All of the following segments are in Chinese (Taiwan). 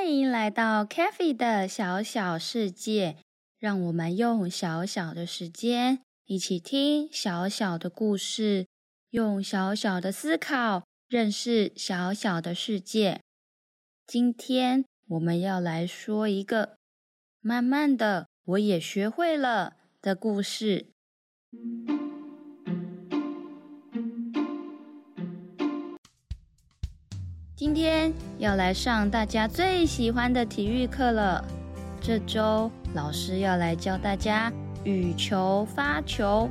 歡迎來到 k a f e 的小小世界，讓我們用小小的時間一起聽小小的故事，用小小的思考認識小小的世界。今天我們要來說一個“慢慢的我也學會了”的故事。今天要來上大家最喜歡的體育課了。這周老師要來教大家羽球發球。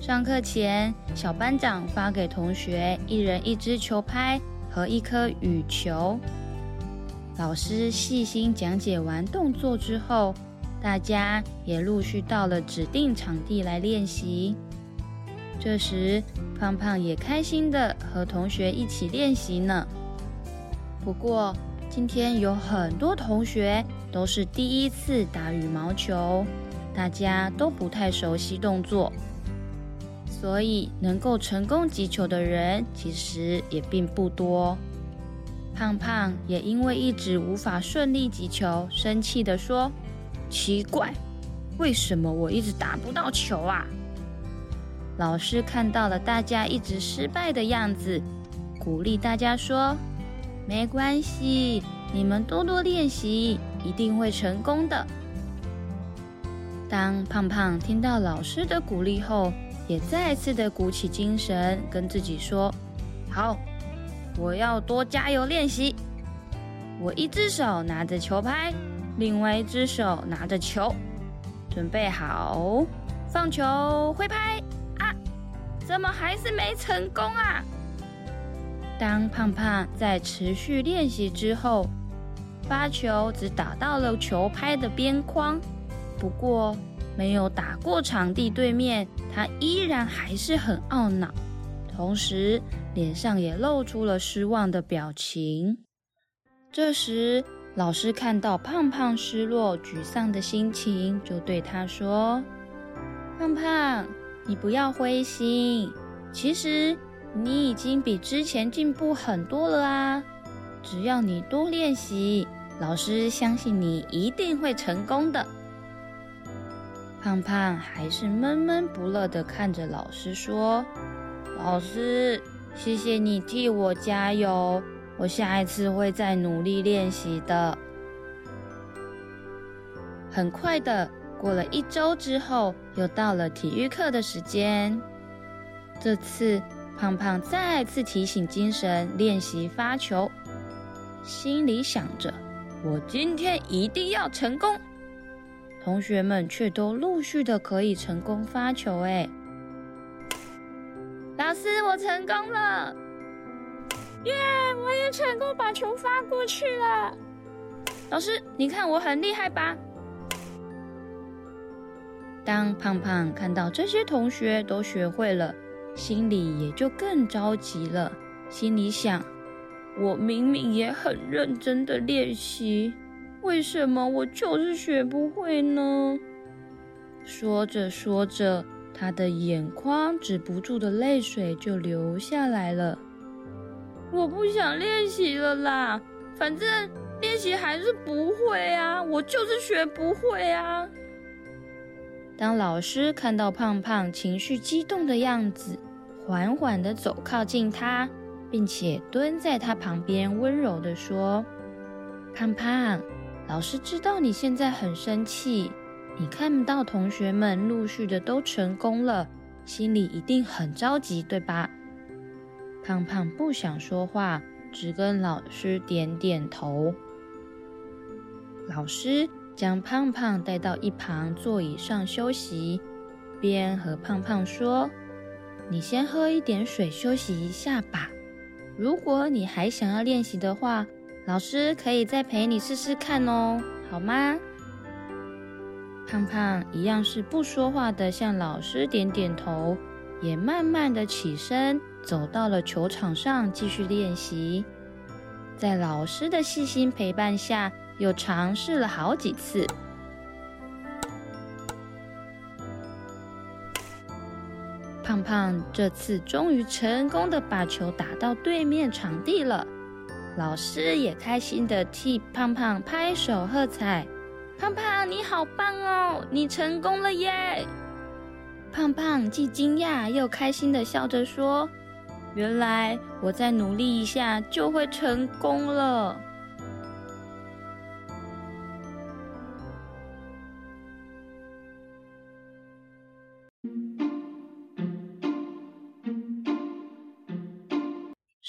上課前，小班長發給同學一人一支球拍和一顆羽球。老師細心講解完動作之後，大家也陸續到了指定場地來練習。這時，胖胖也開心的和同學一起練習呢。不過，今天有很多同學都是第一次打羽毛球，大家都不太熟悉動作，所以能夠成功擊球的人其實也並不多。胖胖也因為一直無法順利擊球，生氣的說：“奇怪，為什麼我一直打不到球啊？”老師看到了大家一直失敗的樣子，鼓勵大家說：“沒關係，你們多多練習，一定會成功的。”當胖胖聽到老師的鼓勵後，也再次的鼓起精神，跟自己說：“好，我要多加油練習。”我一隻手拿着球拍，另外一隻手拿着球，準備好，放球，揮拍。怎麼還是沒成功啊？當胖胖在持續練習之後，發球只打到了球拍的邊框，不過沒有打過場地對面，他依然還是很懊惱，同時臉上也露出了失望的表情。這時，老師看到胖胖失落沮喪的心情，就對他說：“胖胖。”你不要灰心，其實你已經比之前進步很多了啦。只要你多練習，老師相信你一定會成功的。胖胖還是悶悶不樂地看着老師說：“老師，謝謝你替我加油，我下一次會再努力練習的。”很快的。過了一周之後，又到了體育課的時間。這次胖胖再次提醒精神練習發球，心裡想着：“我今天一定要成功。”同學們卻都陸續的可以成功發球。哎，老師，我成功了！耶，yeah，我也成功把球發過去了。老師，你看我很厲害吧？當胖胖看到這些同學都學會了，心裡也就更着急了。心裡想：我明明也很認真的練習，為什麼我就是學不會呢？說着說着，他的眼眶止不住的淚水就流下來了。我不想練習了啦，反正練習還是不會啊，我就是學不會啊。當老師看到胖胖情緒激動的樣子，緩緩地走靠近他，並且蹲在他旁邊，溫柔地說：“胖胖，老師知道你現在很生氣，你看不到同學們陸續的都成功了，心裡一定很着急，對吧？”胖胖不想說話，只跟老師點點頭。老師，將胖胖帶到一旁座椅上休息，邊和胖胖說：“你先喝一點水休息一下吧。如果你還想要練習的話，老師可以再陪你試試看哦，好嗎？”胖胖一樣是不說話的，向老師點點頭，也慢慢的起身，走到了球場上繼續練習。在老師的細心陪伴下，又嘗試了好幾次，胖胖這次終於成功的把球打到對面場地了。老師也開心的替胖胖拍手喝彩。胖胖，你好棒哦，你成功了耶！胖胖既驚訝又開心的笑着說：“原來我再努力一下就會成功了。”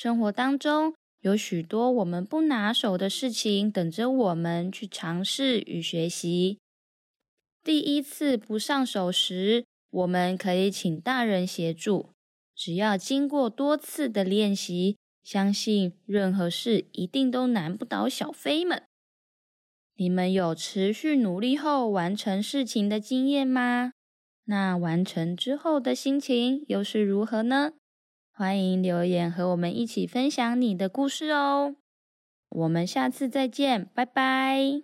生活當中有許多我們不拿手的事情，等着我們去嘗試與學習。第一次不上手時，我們可以請大人協助。只要經過多次的練習，相信任何事一定都難不倒小飛們。你們有持續努力後完成事情的經驗嗎？那完成之後的心情又是如何呢？歡迎留言和我們一起分享你的故事哦，我們下次再見，拜拜。